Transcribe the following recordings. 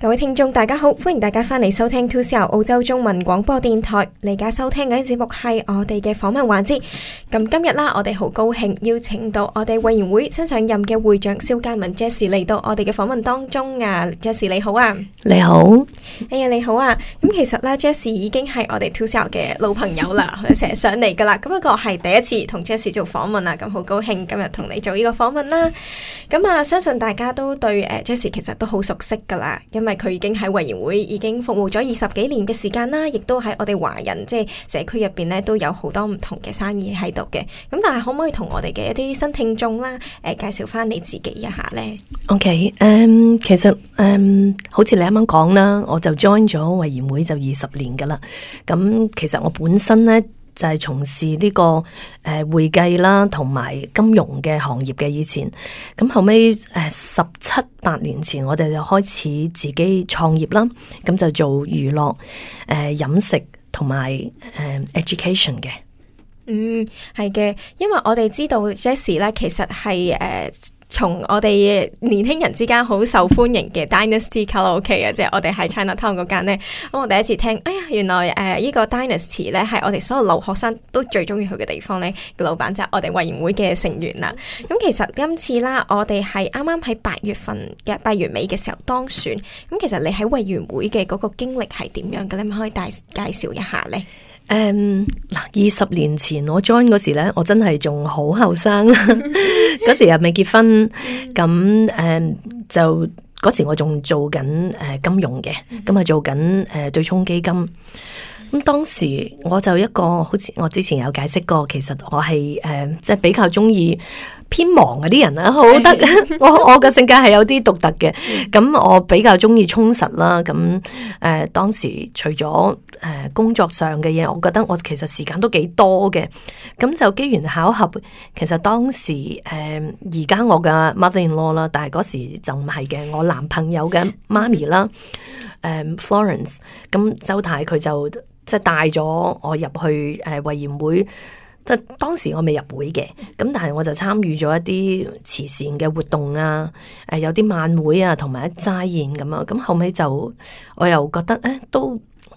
各位聽眾大家好，歡迎大家翻嚟收聽 2CR 澳洲中文廣播電台。你而家收聽緊嘅節目係我哋嘅訪問環節。咁今日啦，我哋好高興邀請到我哋慧賢會新上任嘅會長蕭嘉敏 Jess 嚟到我哋嘅訪問當中啊，Jess 你好啊，你好，哎呀你好啊，咁其實啦，Jess 已經係我哋 2CR 嘅老朋友啦，成日上嚟噶啦，咁不過係第一次同 Jess 做訪問啊，咁好高興今日同你做呢個訪問啦。咁啊，相信大家都對誒 Jess 其實都好熟悉噶啦，因為。因為佢已經喺委員會已經服務咗二十幾年嘅時間啦，亦都喺我哋華人即係社區入邊咧都有好多唔同嘅生意喺度嘅。咁但係可唔可以同我哋嘅一啲新聽眾啦，誒介紹翻你自己一下呢？OK，誒，okay, um, 其實誒，um, 好似你啱啱講啦，我就 join 咗委員會就二十年噶啦。咁其實我本身咧。就係從事呢、這個誒、呃、會計啦，同埋金融嘅行業嘅以前，咁、嗯、後尾誒十七八年前，我哋就開始自己創業啦，咁、嗯、就做娛樂誒飲食同埋誒 education 嘅。嗯，係嘅，因為我哋知道 Jessie 咧，其實係誒。呃從我哋年輕人之間好受歡迎嘅 Dynasty 卡拉 OK 啊，即係我哋喺 China Town 嗰間呢，咁我第一次聽，哎呀，原來誒呢、呃呢個 Dynasty 咧，係我哋所有留學生都最中意去嘅地方呢，個老闆就係、是、我哋委員會嘅成員啦。咁其實今次啦，我哋係啱啱喺八月份嘅八月尾嘅時候當選，咁其實你喺委員會嘅嗰個經歷係點樣嘅咧？你可唔可以大介紹一下呢？誒，嗱，二十年前我 join 嗰時咧，我真係仲好後生，嗰 時又未結婚，咁誒、um, 就嗰時我仲做緊誒金融嘅，咁啊做緊誒對沖基金，咁當時我就一個好似我之前有解釋過，其實我係誒、uh, 即係比較中意。偏忙啊啲人啊，好得 我我嘅性格係有啲獨特嘅，咁我比較中意充實啦。咁誒、呃、當時除咗誒、呃、工作上嘅嘢，我覺得我其實時間都幾多嘅。咁就機緣巧合，其實當時誒而家我嘅 mother in law 啦，但係嗰時就唔係嘅，我男朋友嘅媽咪啦，誒、呃、Florence。咁周太佢就即係帶咗我入去誒慧賢會。即係當時我未入會嘅，咁但係我就參與咗一啲慈善嘅活動啊，誒有啲晚會啊，同埋一齋宴咁啊，咁後尾就我又覺得，誒、欸、都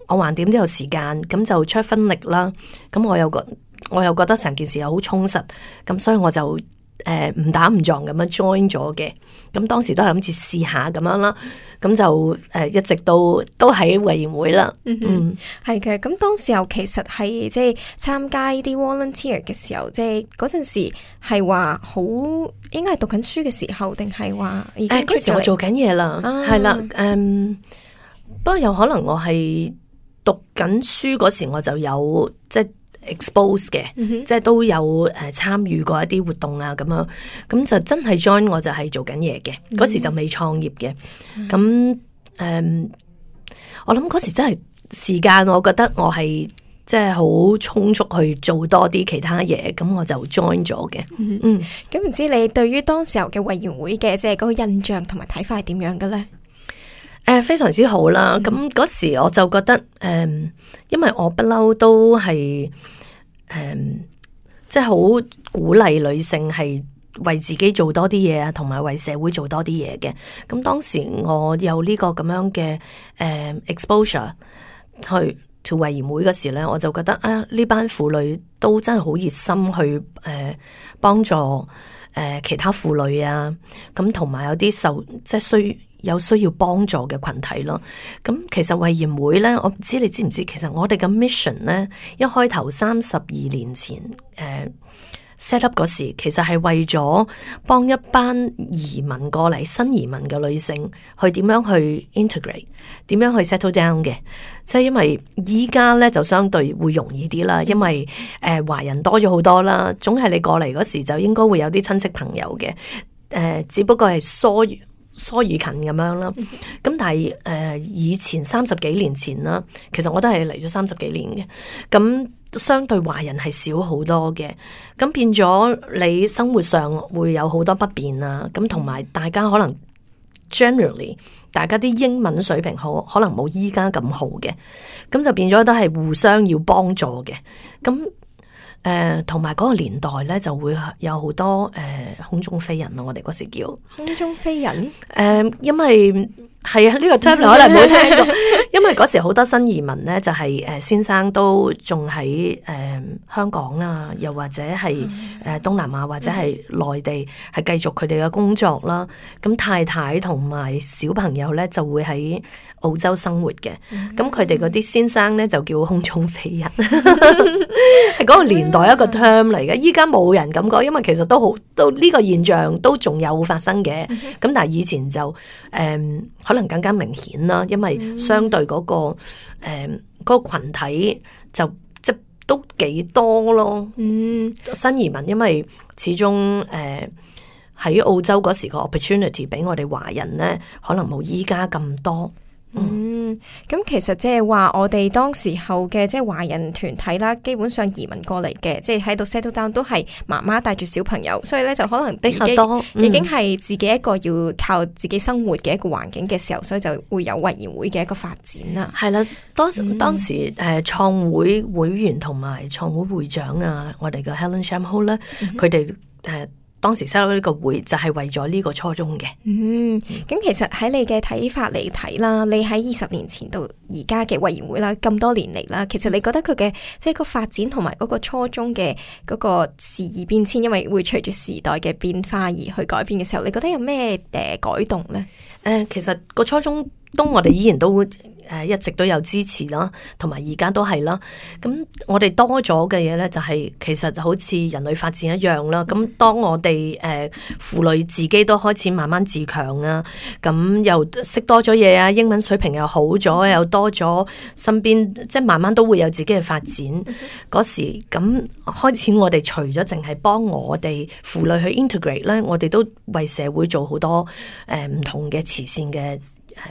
我橫掂都有時間，咁就出分力啦。咁我又覺我又覺得成件事又好充實，咁所以我就。誒，唔、呃、打唔撞咁樣 join 咗嘅，咁當時都係諗住試下咁樣啦，咁就誒，一直都都喺委員會啦。嗯，哼嗯，係嘅。咁當時候其實係即係參加呢啲 volunteer 嘅時候，即係嗰陣時係話好，應該係讀緊書嘅時候，定係話？誒、哎，嗰時我做緊嘢啦，係啦、啊，誒、嗯，不過有可能我係讀緊書嗰時我就有即係。expose 嘅，嗯、哼即係都有誒參與過一啲活動啊咁樣，咁就真係 join 我就係做緊嘢嘅，嗰、嗯、時就未創業嘅，咁誒、嗯嗯，我諗嗰時真係時間，我覺得我係即係好充足去做多啲其他嘢，咁我就 join 咗嘅。嗯，咁唔、嗯、知你對於當時候嘅委員會嘅即係嗰個印象同埋睇法係點樣嘅咧？誒，uh, 非常之好啦！咁嗰時我就覺得，誒、嗯，因為我不嬲都係，誒、嗯，即係好鼓勵女性係為自己做多啲嘢啊，同埋為社會做多啲嘢嘅。咁當時我有呢個咁樣嘅，誒、嗯、，exposure 去 to 慧賢會嗰時咧，我就覺得啊，呢班婦女都真係好熱心去，誒、呃，幫助誒、呃、其他婦女啊。咁同埋有啲受即係需。有需要幫助嘅群體咯，咁、嗯、其實慧賢會呢，我唔知你知唔知，其實我哋嘅 mission 呢，一開頭三十二年前，set up 嗰時，其實係為咗幫一班移民過嚟新移民嘅女性，去點樣去 integrate，點樣去 settle down 嘅，即係因為依家呢，就相對會容易啲啦，因為誒、呃、華人多咗好多啦，總係你過嚟嗰時就應該會有啲親戚朋友嘅，誒、呃，只不過係疏遠。疏怡近咁樣啦，咁但係誒、呃，以前三十幾年前啦，其實我都係嚟咗三十幾年嘅，咁相對華人係少好多嘅，咁變咗你生活上會有好多不便啊，咁同埋大家可能 generally 大家啲英文水平好，可能冇依家咁好嘅，咁就變咗都係互相要幫助嘅，咁。誒，同埋嗰個年代咧，就會有好多誒、呃、空中飛人咯，我哋嗰時叫空中飛人。誒、呃，因為係啊，呢、這個 topic 可能冇聽到， 因為嗰時好多新移民咧，就係、是、誒、呃、先生都仲喺誒香港啊，又或者係誒、嗯呃、東南亞或者係內地，係繼、嗯、續佢哋嘅工作啦。咁太太同埋小朋友咧，就會喺澳洲生活嘅，咁佢哋嗰啲先生咧就叫空中飛人，係嗰 個年代一個 term 嚟嘅。依家冇人咁講，因為其實都好，都呢個現象都仲有發生嘅。咁、mm hmm. 但係以前就誒、嗯、可能更加明顯啦，因為相對嗰、那個誒嗰、嗯那個群體就即都幾多咯。嗯、mm，hmm. 新移民因為始終誒喺、嗯、澳洲嗰時個 opportunity 俾我哋華人咧，可能冇依家咁多。嗯，咁其實即係話我哋當時候嘅即係華人團體啦，基本上移民過嚟嘅，即係喺度 settle down 都係媽媽帶住小朋友，所以咧就可能比較多。已經係自己一個要靠自己生活嘅一個環境嘅時候，所以就會有慧賢會嘅一個發展啦。係啦、啊，當時當時誒創會會員同埋創會會長啊，我哋嘅 Helen Sham Ho 啦、嗯哼，佢哋誒。當時收到呢個會，就係為咗呢個初衷嘅。嗯，咁其實喺你嘅睇法嚟睇啦，你喺二十年前到而家嘅委員會啦，咁多年嚟啦，其實你覺得佢嘅即係個發展同埋嗰個初衷嘅嗰個時而變遷，因為會隨住時代嘅變化而去改變嘅時候，你覺得有咩誒改動咧？誒、呃，其實個初衷。都我哋依然都誒、呃、一直都有支持啦，同埋而家都係啦。咁我哋多咗嘅嘢咧，就係、是、其實好似人類發展一樣啦。咁當我哋誒婦女自己都開始慢慢自強啊，咁又識多咗嘢啊，英文水平又好咗，又多咗身邊即係慢慢都會有自己嘅發展嗰時，咁開始我哋除咗淨係幫我哋婦女去 integrate 咧，我哋都為社會做好多誒唔、呃、同嘅慈善嘅。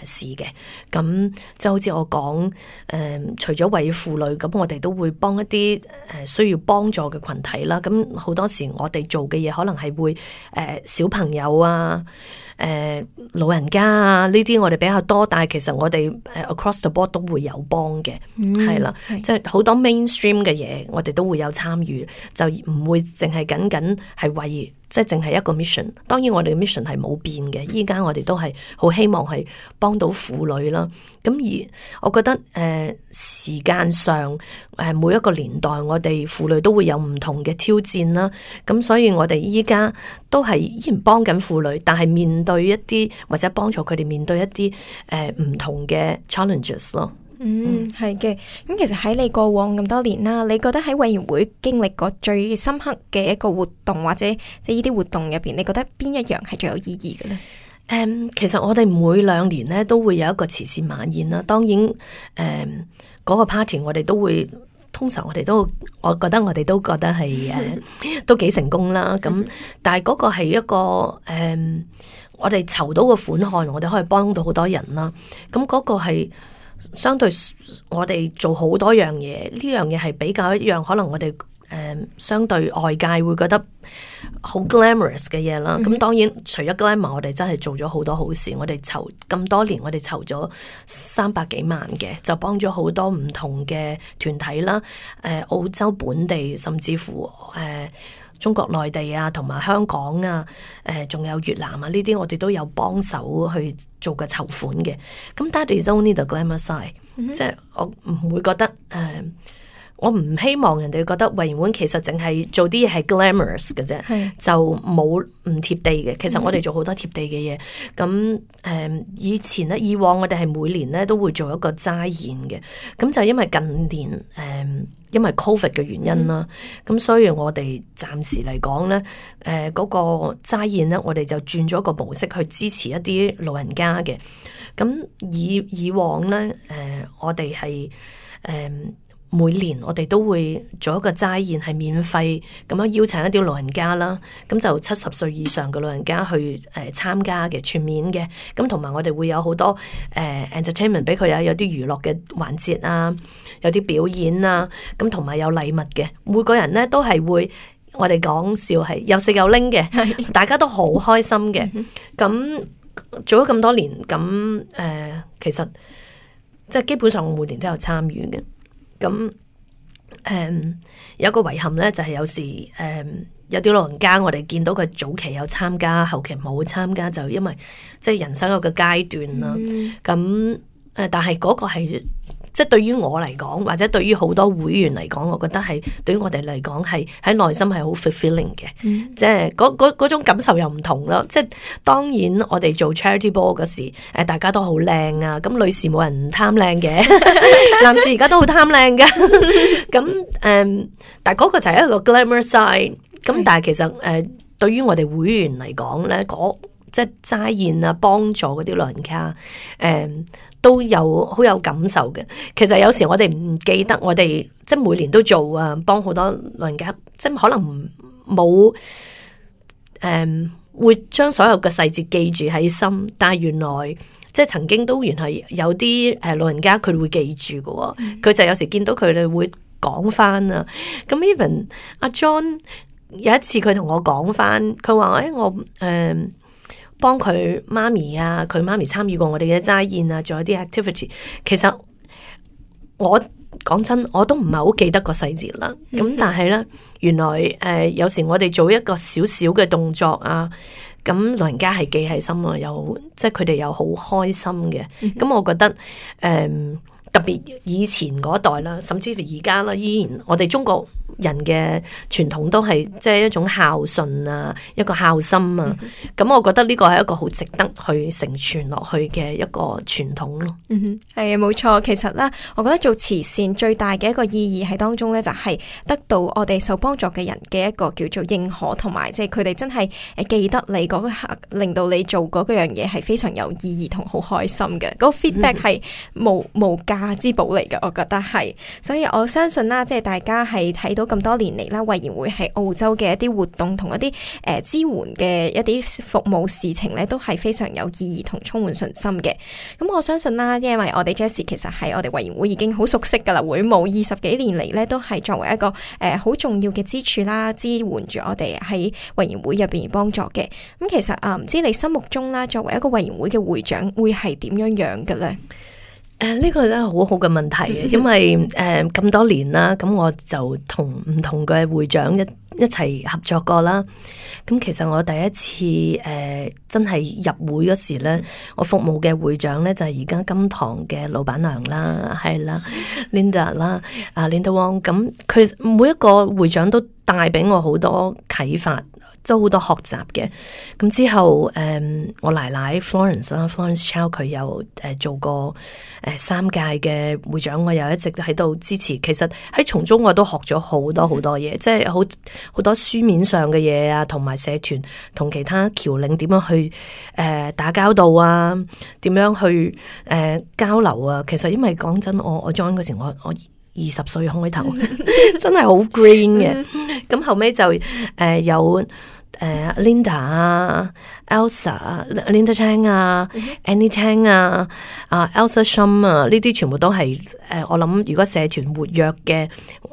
誒，事嘅咁即係好似我講，誒、呃，除咗為婦女，咁我哋都會幫一啲誒需要幫助嘅群體啦。咁好多時我哋做嘅嘢，可能係會誒、呃、小朋友啊，誒、呃、老人家啊呢啲，我哋比較多。但係其實我哋誒 across the board 都會有幫嘅，係啦、嗯，即係好多 mainstream 嘅嘢，我哋都會有參與，就唔會淨係僅僅係為。即係淨係一個 mission，當然我哋嘅 mission 係冇變嘅。而家我哋都係好希望係幫到婦女啦。咁而我覺得誒、呃，時間上誒、呃，每一個年代我哋婦女都會有唔同嘅挑戰啦。咁所以我哋而家都係依然幫緊婦女，但係面對一啲或者幫助佢哋面對一啲誒唔同嘅 challenges 咯。嗯，係嘅。咁其實喺你過往咁多年啦，你覺得喺委員會經歷過最深刻嘅一個活動，或者即係呢啲活動入邊，你覺得邊一樣係最有意義嘅咧？誒、嗯，其實我哋每兩年咧都會有一個慈善晚宴啦。當然，誒、嗯，嗰、那個 party 我哋都會，通常我哋都，我覺得我哋都覺得係誒 都幾成功啦。咁、嗯、 但係嗰個係一個誒、嗯，我哋籌到個款項，我哋可以幫到好多人啦。咁嗰個係。相對我哋做好多樣嘢，呢樣嘢係比較一樣，可能我哋誒、呃、相對外界會覺得好 glamorous 嘅嘢啦。咁、mm hmm. 當然，除咗 glamour，我哋真係做咗好多好事。我哋籌咁多年，我哋籌咗三百幾萬嘅，就幫咗好多唔同嘅團體啦。誒、呃，澳洲本地甚至乎誒。呃中國內地啊，同埋香港啊，誒、呃，仲有越南啊，呢啲我哋都有幫手去做嘅籌款嘅。咁 That is only the glamour side。mm hmm。即係我唔會覺得誒。呃我唔希望人哋覺得慧賢會其實淨係做啲嘢係 glamorous 嘅啫，的就冇唔貼地嘅。其實我哋做好多貼地嘅嘢。咁誒、嗯、以前咧，以往我哋係每年咧都會做一個齋宴嘅。咁就因為近年誒、嗯、因為 covid 嘅原因啦，咁、嗯、所以我哋暫時嚟講咧誒嗰個齋宴咧，我哋就轉咗一個模式去支持一啲老人家嘅。咁以以往咧誒、呃、我哋係誒。呃每年我哋都會做一個齋宴，係免費咁樣邀請一啲老人家啦。咁就七十歲以上嘅老人家去誒、呃、參加嘅，全免嘅。咁同埋我哋會有好多誒、呃、entertainment 俾佢啊，有啲娛樂嘅環節啊，有啲表演啊。咁同埋有禮物嘅，每個人咧都係會我哋講笑係有食有拎嘅， 大家都好開心嘅。咁做咗咁多年，咁誒、呃、其實即係、就是、基本上我每年都有參與嘅。咁，誒，um, 有一個遺憾咧，就係、是、有時，誒、um，有啲老人家我哋見到佢早期有參加，後期冇參加，就因為即係、就是、人生有一個階段啦。咁誒、嗯，但係嗰個係。即係對於我嚟講，或者對於好多會員嚟講，我覺得係對於我哋嚟講係喺內心係好 fulfilling 嘅。嗯、即係嗰嗰種感受又唔同咯。即係當然我哋做 charity ball 嗰時，誒，大家都好靚啊，咁女士冇人唔貪靚嘅， 男士而家都好貪靚嘅。咁誒、 嗯，但係嗰個就係一個 glamour side。咁但係其實誒、嗯，對於我哋會員嚟講咧，嗰即係齋宴啊，幫助嗰啲老人家誒。嗯都有好有感受嘅，其實有時我哋唔記得，我哋即係每年都做啊，幫好多老人家，即係可能冇誒、嗯、會將所有嘅細節記住喺心。但係原來即係曾經都原係有啲誒老人家佢會記住㗎，佢就有時見到佢哋會講返啊。咁 even 阿 John 有一次佢同我講返，佢話誒我誒。嗯幫佢媽咪啊，佢媽咪參與過我哋嘅齋宴啊，做一啲 activity。其實我講真，我都唔係好記得個細節啦。咁但係咧，原來誒、呃、有時我哋做一個小小嘅動作啊，咁老人家係記喺心啊，有即係佢哋又好開心嘅。咁我覺得誒。呃特別以前嗰代啦，甚至乎而家啦，依然我哋中國人嘅傳統都係即係一種孝順啊，一個孝心啊。咁我覺得呢個係一個好值得去承傳落去嘅一個傳統咯。嗯哼，係啊，冇錯。其實啦，我覺得做慈善最大嘅一個意義喺當中咧，就係得到我哋受幫助嘅人嘅一個叫做認可，同埋即係佢哋真係誒記得你嗰個刻令到你做嗰個樣嘢係非常有意義同好開心嘅。嗰個 feedback 係無無價。啊，之寶嚟嘅，我覺得係，所以我相信啦，即係大家係睇到咁多年嚟啦，慧賢會喺澳洲嘅一啲活動同一啲誒、呃、支援嘅一啲服務事情咧，都係非常有意義同充滿信心嘅。咁、嗯、我相信啦，因為我哋 Jessie 其實喺我哋慧賢會已經好熟悉噶啦，會務二十幾年嚟咧都係作為一個誒好、呃、重要嘅支柱啦，支援住我哋喺慧賢會入邊幫助嘅。咁、嗯、其實啊，唔知你心目中啦，作為一個慧賢會嘅會長會，會係點樣樣嘅咧？誒，呢個都係好好嘅問題，因為誒咁多年啦，咁我就同唔同嘅會長一一齊合作過啦。咁其實我第一次誒真係入會嗰時咧，我服務嘅會長咧就係而家金堂嘅老闆娘啦，係啦，Linda 啦，啊 Linda Wong，咁佢每一個會長都帶俾我好多啟發。都好多學習嘅，咁之後誒、嗯，我奶奶 Florence 啦，Florence Chow 佢有誒做過誒、呃、三屆嘅會長，我又一直喺度支持。其實喺從中我都學咗好多好多嘢，嗯、即係好好多書面上嘅嘢啊，同埋社團同其他僑領點樣去誒、呃、打交道啊，點樣去誒、呃、交流啊。其實因為講真，我我 join 嗰時我我。我二十歲開頭， 真係好 green 嘅。咁 後尾就誒有誒、uh, Linda 啊、Elsa 啊、Linda Tang 啊、Annie Tang 啊、啊 Elsa Sham、um, 啊，呢啲全部都係誒、uh, 我諗，如果社團活躍嘅誒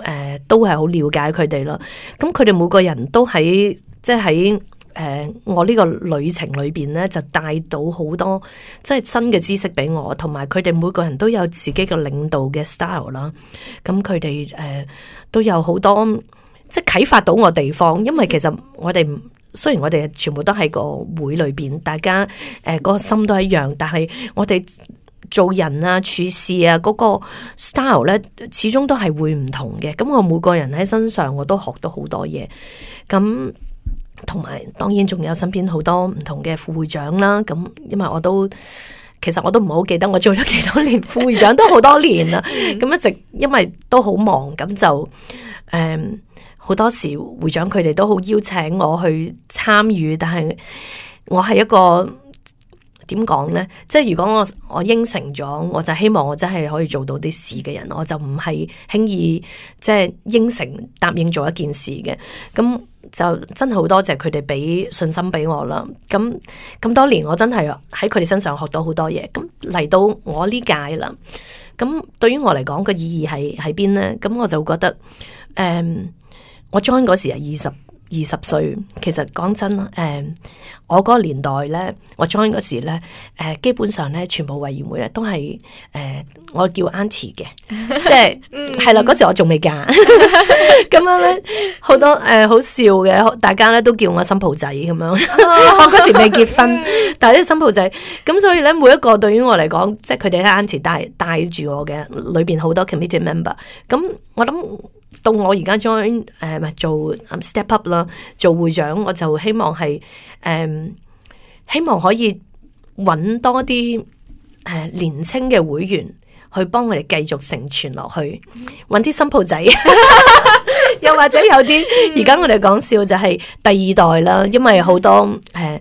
，uh, 都係好了解佢哋咯。咁佢哋每個人都喺即係喺。就是誒、呃，我呢個旅程裏邊呢，就帶到好多即係新嘅知識俾我，同埋佢哋每個人都有自己嘅領導嘅 style 啦。咁佢哋誒都有好多即係啟發到我地方。因為其實我哋雖然我哋全部都喺個會裏邊，大家誒、呃嗰個心都一樣，但係我哋做人啊、處事啊嗰、嗰個 style 呢，始終都係會唔同嘅。咁、嗯、我每個人喺身上，我都學到好多嘢。咁、嗯同埋，當然仲有身邊好多唔同嘅副會長啦。咁因為我都，其實我都唔好記得我做咗幾多年副會長，都好多年啦。咁一直因為都好忙，咁就誒嗯、好多時會長佢哋都好邀請我去參與，但係我係一個點講呢？即係如果我我應承咗，我就希望我真係可以做到啲事嘅人，我就唔係輕易即係、即係、應承答應做一件事嘅。咁就真係好多謝佢哋畀信心畀我啦，咁咁多年我真係喺佢哋身上學到好多嘢，咁嚟到我呢屆啦，咁對於我嚟講，個意義係喺邊呢？咁我就覺得，誒、嗯，我 join 嗰時係二十。二十歲，其實講真，誒、嗯、我個年代咧，我 join 嗰時咧，誒基本上咧全部委員會咧都係誒、嗯、我叫 auntie 嘅，即係係啦嗰時我仲未嫁，咁 樣咧好多誒、嗯 嗯呃、好笑嘅，大家咧都叫我新抱仔咁樣，oh、 我嗰時未結婚， 但係係啲新抱仔，咁所以咧每一個對於我嚟講，即係佢哋咧 auntie 帶帶住我嘅，裏邊好多 committee member，咁我諗到我而家 join 誒咪做 step up 啦。做會長，我就希望係，誒、嗯，希望可以揾多啲誒年輕嘅會員去幫我哋繼續成傳落去，揾啲新抱仔。 又或者有啲，而家我哋講笑就係第二代啦，因為好多誒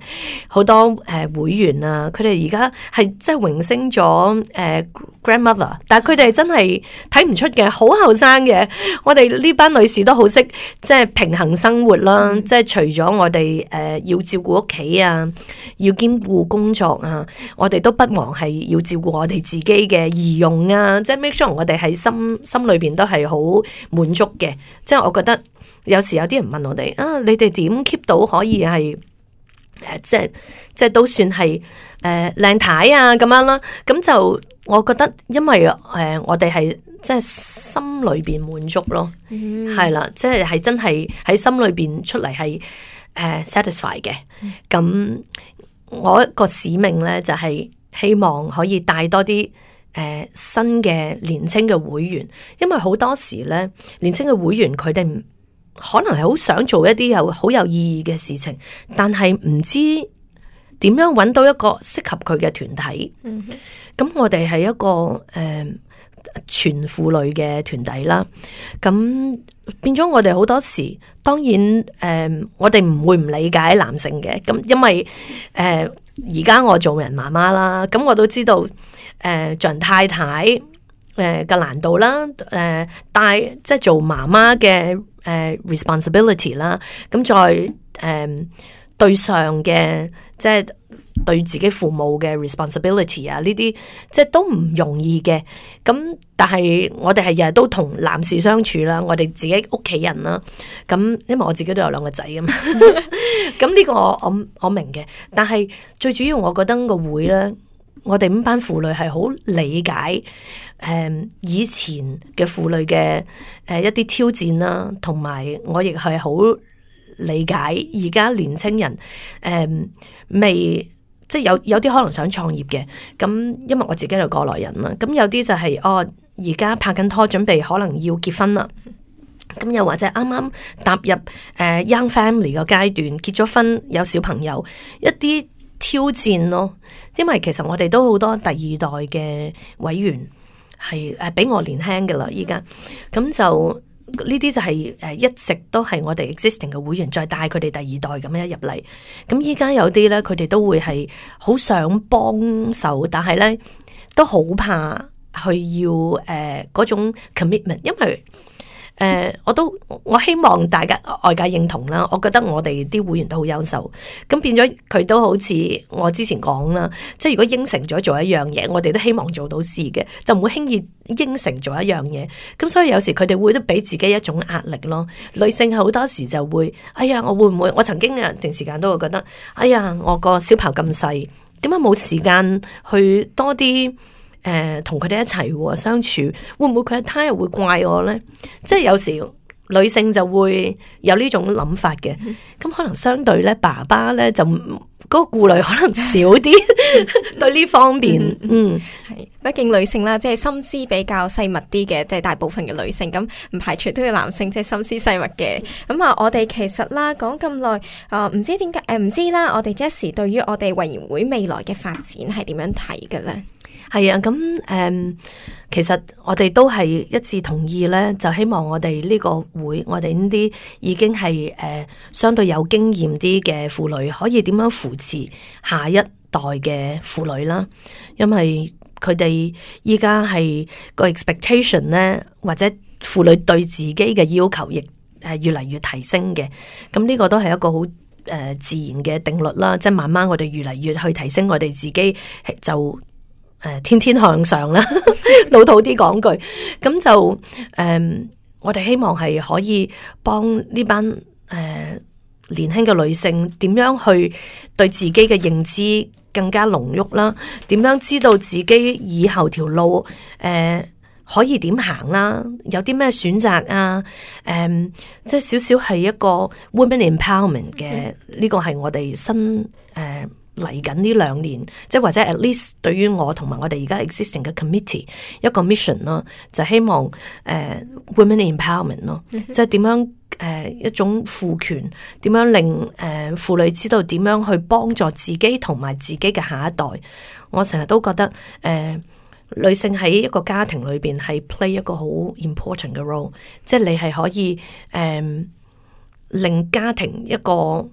好、呃、多誒、呃、會員啊，佢哋而家係即係榮升咗誒、呃、grandmother，但係佢哋真係睇唔出嘅，好後生嘅。我哋呢班女士都好識，即係平衡生活啦，嗯、即係除咗我哋誒、呃、要照顧屋企啊，要兼顧工作啊，我哋都不忘係要照顧我哋自己嘅儀容啊，即係 make sure 我哋喺心心裏邊都係好滿足嘅，即係。我覺得有時有啲人問我哋啊，你哋點 keep 到可以係誒、啊，即係即係都算係誒靚太啊咁樣啦。咁就我覺得，因為誒、呃、我哋係即係心裏邊滿足咯，係、mm. 啦，即係係真係喺心裏邊出嚟係誒 satisfy 嘅。咁、呃、我個使命咧就係、是、希望可以帶多啲。誒，新嘅年青嘅會員，因為好多時咧，年青嘅會員佢哋可能係好想做一啲又好有意義嘅事情，但係唔知點樣揾到一個適合佢嘅團體。嗯哼，咁我哋係一個誒、呃、全婦女嘅團體啦。咁變咗我哋好多時，當然誒、呃，我哋唔會唔理解男性嘅，咁因為誒而家我做人媽媽啦，咁我都知道。誒，丈、呃、太太誒嘅、呃、難度啦，誒、呃、但即係做媽媽嘅誒、呃、responsibility 啦，咁再誒、呃、對上嘅即係對自己父母嘅 responsibility 啊，呢啲即係都唔容易嘅。咁但係我哋係日日都同男士相處啦，我哋自己屋企人啦，咁因為我自己都有兩個仔嘛，咁呢 個我我，我明嘅。但係最主要，我覺得個會咧。我哋五班婦女係好理解，誒以前嘅婦女嘅誒一啲挑戰啦，同埋我亦係好理解而家年青人，誒、嗯、未即係有有啲可能想創業嘅，咁因為我自己係過來人啦，咁有啲就係、是、哦而家拍緊拖，準備可能要結婚啦，咁又或者啱啱踏入誒 young family 個階段，結咗婚有小朋友，一啲挑戰咯。因為其實我哋都好多第二代嘅委員係誒比我年輕嘅啦，依家咁就呢啲就係誒一直都係我哋 existing 嘅會員再帶佢哋第二代咁樣入嚟，咁依家有啲咧佢哋都會係好想幫手，但係咧都好怕去要誒嗰、呃、種 commitment，因為。誒，uh, 我都我希望大家外界認同啦。我覺得我哋啲會員都好優秀，咁變咗佢都好似我之前講啦，即係如果應承咗做一樣嘢，我哋都希望做到事嘅，就唔會輕易應承做一樣嘢。咁所以有時佢哋會都俾自己一種壓力咯。女性好多時就會，哎呀，我會唔會？我曾經有段時間都會覺得，哎呀，我個小朋友咁細，點解冇時間去多啲？誒同佢哋一齊、哦、相處，會唔會佢一胎又會怪我咧？即係有時女性就會有呢種諗法嘅，咁、嗯、可能相對咧爸爸咧就。嗰個顧慮可能少啲 ，對呢方面，嗯，係、嗯，畢竟女性啦，即係心思比較細密啲嘅，即、就、係、是、大部分嘅女性，咁唔排除都有男性即係心思細密嘅。咁啊，我哋其實啦，講咁耐，啊、呃，唔知點解，誒、呃，唔知啦，我哋 Jessie，對於我哋慧賢會未來嘅發展係點樣睇嘅咧？係啊，咁，誒、嗯，其實我哋都係一致同意咧，就希望我哋呢個會，我哋呢啲已經係誒、呃、相對有經驗啲嘅婦女，可以點樣扶。持下一代嘅婦女啦，因為佢哋依家係個 expectation 咧，或者婦女對自己嘅要求亦係越嚟越提升嘅。咁呢個都係一個好誒、呃、自然嘅定律啦。即係慢慢我哋越嚟越去提升我哋自己，就誒、呃、天天向上啦。 老土啲講句，咁就誒、呃、我哋希望係可以幫呢班誒。呃年輕嘅女性點樣去對自己嘅認知更加濃郁啦？點樣知道自己以後條路誒、呃、可以點行啦？有啲咩選擇啊？誒、呃，即係少少係一個 women empowerment 嘅呢、呢個係我哋新誒。呃嚟緊呢兩年，即係或者 at least 對於我同埋我哋而家 existing 嘅 committee 一個 mission 咯，就希望誒、uh, women empowerment 咯，mm hmm. 即係點樣誒、uh，一種賦權，點樣令誒婦、uh，女知道點樣去幫助自己同埋自己嘅下一代。我成日都覺得誒、uh，女性喺一個家庭裏邊係 play 一個好 important 嘅 role，即係你係可以誒、uh，令家庭一個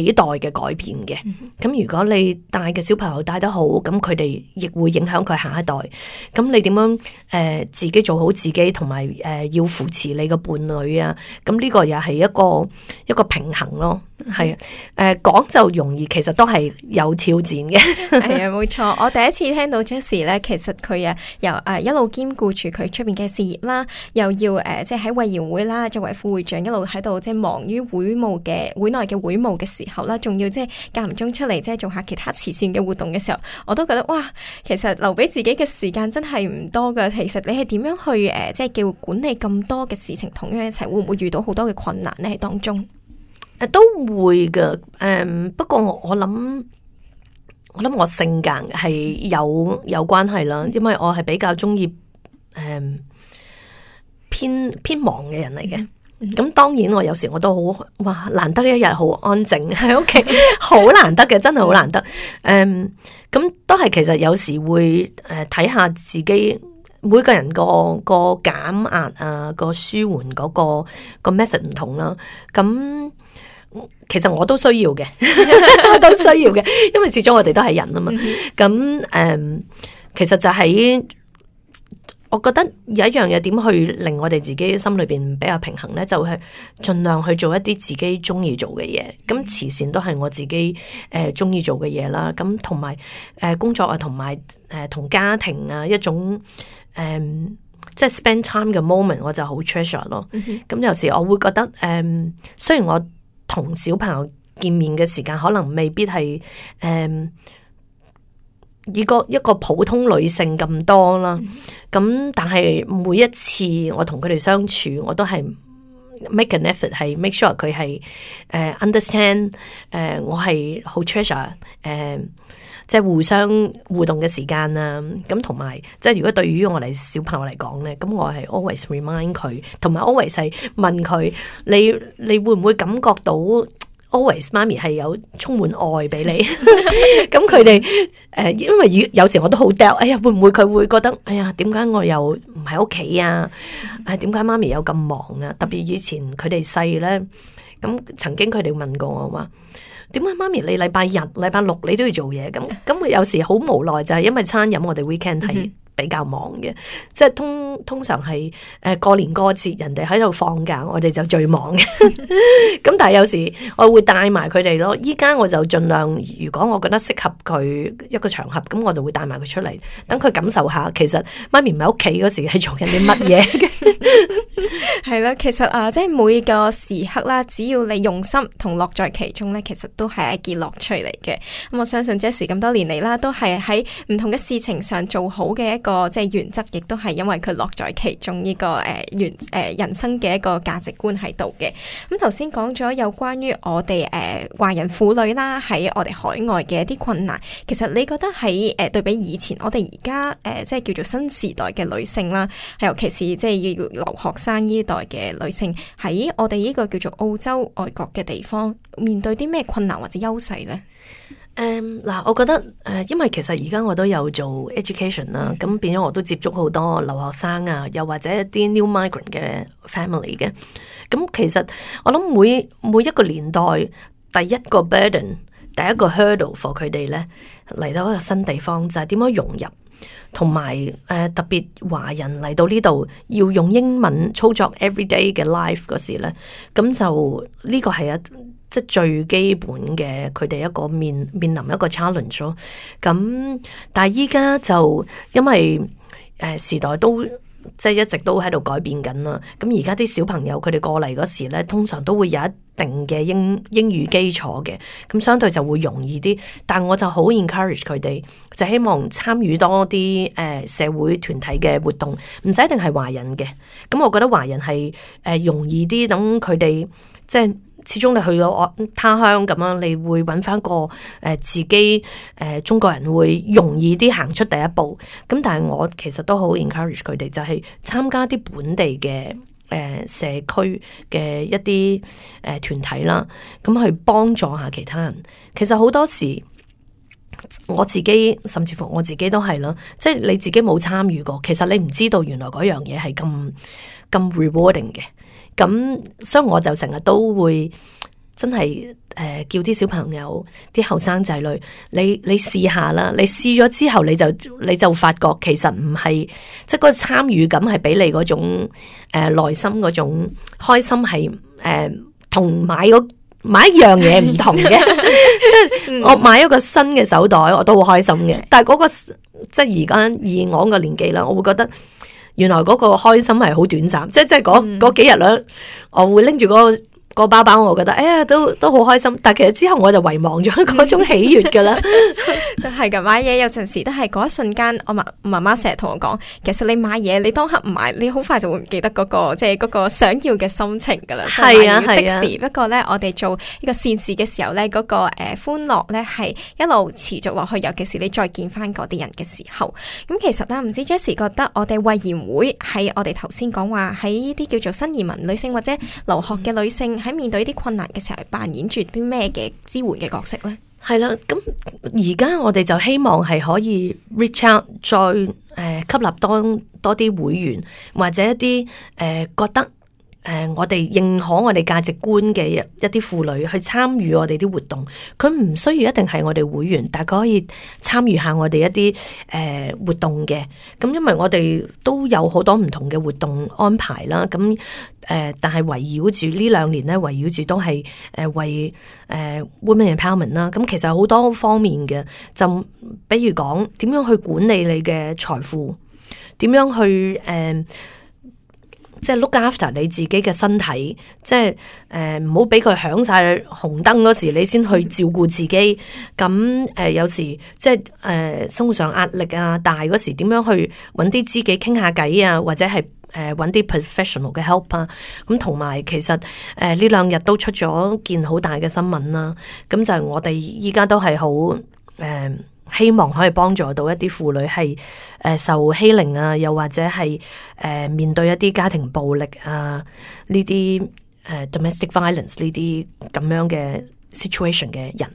幾代嘅改變嘅，咁如果你帶嘅小朋友帶得好，咁佢哋亦會影響佢下一代。咁你點樣誒、呃、自己做好自己，同埋誒要扶持你嘅伴侶啊？咁呢個又係一個一個平衡咯，係啊。誒、呃、講就容易，其實都係有挑戰嘅。係 啊、哎，冇錯。我第一次聽到 Jesse 咧，其實佢啊由誒一路兼顧住佢出邊嘅事業啦，又要誒、呃、即係喺慧賢會啦，作為副會長一路喺度即係忙於會務嘅會內嘅會務嘅事。時候啦，仲要即係間唔中出嚟，即係做下其他慈善嘅活動嘅時候，我都覺得哇，其實留俾自己嘅時間真係唔多噶。其實你係點樣去誒，即、呃、係叫管理咁多嘅事情，同樣一齊，會唔會遇到好多嘅困難呢？喺當中都會噶。誒、嗯，不過我我諗，我諗我，我性格係有有關係啦，因為我係比較中意誒，偏偏忙嘅人嚟嘅。咁當然我有時我都好，哇，難得一日好安靜喺屋企，好 難得嘅，真係好難得。誒、um, 咁都係其實有時會誒睇下自己每個人個個減壓啊，個舒緩嗰、那個個 method 唔同啦。咁其實我需 都需要嘅，都需要嘅，因為始終我哋都係人啊嘛。咁誒、 um, 其實就喺、是。我覺得有一樣嘢點去令我哋自己心裏邊比較平衡呢，就係、是、盡量去做一啲自己中意做嘅嘢。咁慈善都係我自己誒中意做嘅嘢啦。咁同埋誒工作啊，同埋誒同家庭啊，一種誒、呃、即係 spend time 嘅 moment，我就好 treasure 咯。咁、mm hmm. 有時我會覺得誒、呃，雖然我同小朋友見面嘅時間可能未必係誒。呃以一個一個普通女性咁多啦，咁但係每一次我同佢哋相處，我都係 make an effort 係 make sure 佢係誒 understand 誒、uh, 我係好 treasure 誒、uh, 即係互相互動嘅時間啦。咁同埋即係如果對於我嚟小朋友嚟講咧，咁我係 al always remind 佢，同埋 always 係問佢，你你會唔會感覺到？Always 媽咪係有充滿愛俾你，咁佢哋誒，因為有時我都好掉，哎呀，會唔會佢會覺得，哎呀，點解我又唔喺屋企啊？誒、哎，點解媽咪有咁忙啊？特別以前佢哋細咧，咁、嗯、曾經佢哋問過我話：點解媽咪你禮拜日、禮拜六你都要做嘢？咁咁我有時好無奈就係、是、因為餐飲我，我哋 weekend 比較忙嘅，即係通通常係誒過年過節人哋喺度放假，我哋就最忙嘅。咁 但係有時我會帶埋佢哋咯。依家我就盡量，如果我覺得適合佢一個場合，咁我就會帶埋佢出嚟，等佢感受下，其實媽咪唔喺屋企嗰時係做緊啲乜嘢。 係啦，其實啊，即係每個時刻啦，只要你用心同樂在其中咧，其實都係一件樂趣嚟嘅。咁、嗯、我相信 Jasmin 咁多年嚟啦，都係喺唔同嘅事情上做好嘅一個即係原則，亦都係因為佢樂在其中呢個誒原誒人生嘅一個價值觀喺度嘅。咁頭先講咗有關於我哋誒華人婦女啦，喺我哋海外嘅一啲困難，其實你覺得喺誒、呃、對比以前，我哋而家誒即係叫做新時代嘅女性啦，係尤其是即係要留學生呢？代嘅女性喺我哋呢個叫做澳洲外國嘅地方，面對啲咩困難或者優勢呢？誒，嗱，我覺得誒，因為其實而家我都有做 education 啦、嗯，咁變咗我都接觸好多留學生啊，又或者一啲 new migrant 嘅 family 嘅。咁其實我諗每每一個年代，第一個 burden，第一個 hurdle for 佢哋呢，嚟到一個新地方就係、是、點樣融入。同埋誒，特別華人嚟到呢度要用英文操作 everyday 嘅 life 嗰時咧，咁就呢個係一即係最基本嘅，佢哋一個面面臨一個 challenge 咯。咁但係依家就因為誒、呃、時代都即係一直都喺度改變緊啦。咁而家啲小朋友佢哋過嚟嗰時咧，通常都會有一。定嘅英英語基礎嘅，咁相對就會容易啲。但係我就好 encourage 佢哋，就希望參與多啲誒社會團體嘅活動，唔使一定係華人嘅。咁我覺得華人係誒容易啲，等佢哋即係始終你去到我他鄉咁樣，你會揾翻個誒自己誒、呃、中國人會容易啲行出第一步。咁但係我其實都好 encourage 佢哋，就係、是、參加啲本地嘅。誒，社區嘅一啲誒團體啦，咁去幫助下其他人。其實好多時，我自己甚至乎我自己都係啦，即係你自己冇參與過，其實你唔知道原來嗰樣嘢係咁咁 rewarding 嘅。咁所以我就成日都會。真係誒、呃，叫啲小朋友、啲後生仔女，你你試下啦，你試咗之後，你就你就發覺其實唔係，即係嗰個參與感係俾你嗰種誒內、呃、心嗰種開心係誒同買買一樣嘢唔同嘅。 我買一個新嘅手袋，我都好開心嘅。但係嗰、嗰個即係而家以我個年紀啦，我會覺得原來嗰個開心係好短暫，即係即係嗰嗰幾日啦、啊，我會拎住、嗰個。個包包，我覺得，哎呀，都都好開心。但其實之後我就遺忘咗嗰種喜悅噶啦。都係噶，買嘢，有陣時都係嗰一瞬間。我媽媽成日同我講，其實你買嘢，你當刻唔買，你好快就會唔記得、那、嗰個，即係嗰個想要嘅心情噶啦。係啊即時啊。啊不過呢，我哋做呢個善事嘅時候呢，嗰、那個誒、呃、歡樂咧係一路持續落去。尤其是你再見翻嗰啲人嘅時候，咁其實咧，唔知 Jessie 覺得我哋慧賢會喺我哋頭先講話喺呢啲叫做新移民女性或者留學嘅女性、嗯。嗯喺面對呢啲困難嘅時候，扮演住啲咩嘅支援嘅角色咧？係啦，咁而家我哋就希望係可以 reach out，再誒、呃、吸納多多啲會員，或者一啲誒、呃、覺得。誒、呃，我哋認可我哋價值觀嘅一啲婦女去參與我哋啲活動，佢唔需要一定係我哋會員，但係佢可以參與下我哋一啲誒、呃、活動嘅。咁、嗯、因為我哋都有好多唔同嘅活動安排啦。咁、嗯、誒、呃，但係圍繞住呢兩年咧，圍繞住都係誒、呃、為誒、呃、women empowerment 啦、嗯。咁其實好多方面嘅，就比如講點樣去管理你嘅財富，點樣去誒。呃即係 look after 你自己嘅身體，即係誒唔好俾佢響晒紅燈嗰時，你先去照顧自己。咁誒、呃，有時即係誒、呃、生活上壓力啊大嗰時，點樣去揾啲知己傾下偈啊，或者係誒揾、呃、啲 professional 嘅 help 啊。咁同埋其實誒呢兩日都出咗件好大嘅新聞啦、啊。咁就係我哋依家都係好誒。呃希望可以幫助到一啲婦女係誒、呃、受欺凌啊，又或者係誒、呃、面對一啲家庭暴力啊呢啲誒、呃、domestic violence 呢啲咁樣嘅 situation 嘅人。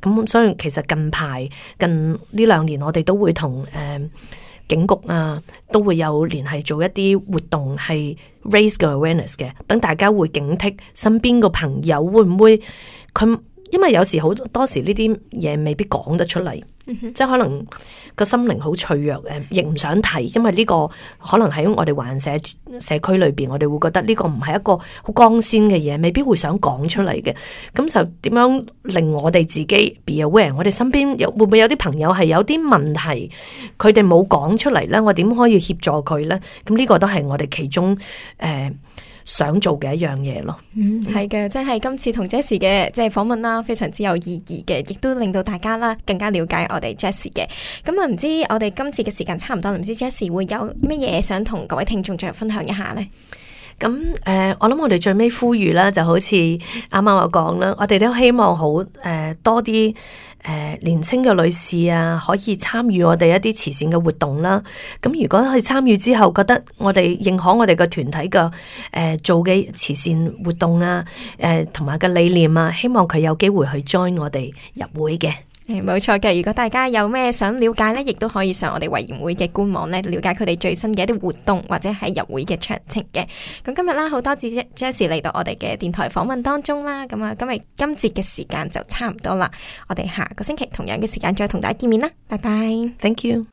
咁、嗯、所以其實近排近呢兩年，我哋都會同誒、呃、警局啊都會有聯繫做一啲活動，係 raise 嘅 awareness 嘅，等大家會警惕身邊嘅朋友會唔會佢。因為有時好多時呢啲嘢未必講得出嚟，mm hmm. 即係可能個心靈好脆弱，誒亦唔想提。因為呢個可能喺我哋華人社社區裏邊，我哋會覺得呢個唔係一個好光鮮嘅嘢，未必會想講出嚟嘅。咁就點樣令我哋自己 be aware？我哋身邊有會唔會有啲朋友係有啲問題，佢哋冇講出嚟咧？我點可以協助佢咧？咁呢個都係我哋其中誒。呃想做嘅一樣嘢咯，嗯 係嘅，即係今次同 Jess 嘅即係訪問啦，非常之有意義嘅，亦都令到大家啦更加了解我哋 Jess 嘅。咁啊，唔知我哋今次嘅時間差唔多，唔知 Jess 會有乜嘢想同各位聽眾再分享一下呢？咁誒、呃，我諗我哋最尾呼籲啦，就好似啱啱我講啦，我哋都希望好誒、呃、多啲誒、呃、年輕嘅女士啊，可以參與我哋一啲慈善嘅活動啦。咁如果佢參與之後覺得我哋認可我哋嘅團體嘅誒做嘅慈善活動啊，誒同埋嘅理念啊，希望佢有機會去 join 我哋入會嘅。誒，冇錯嘅。如果大家有咩想了解呢，亦都可以上我哋慧賢會嘅官網呢，了解佢哋最新嘅一啲活動或者係入會嘅詳情嘅。咁今日啦，好多謝 Jas、Jas 嚟到我哋嘅電台訪問當中啦。咁啊，今日今節嘅時間就差唔多啦。我哋下個星期同樣嘅時間再同大家見面啦。拜拜，Thank you。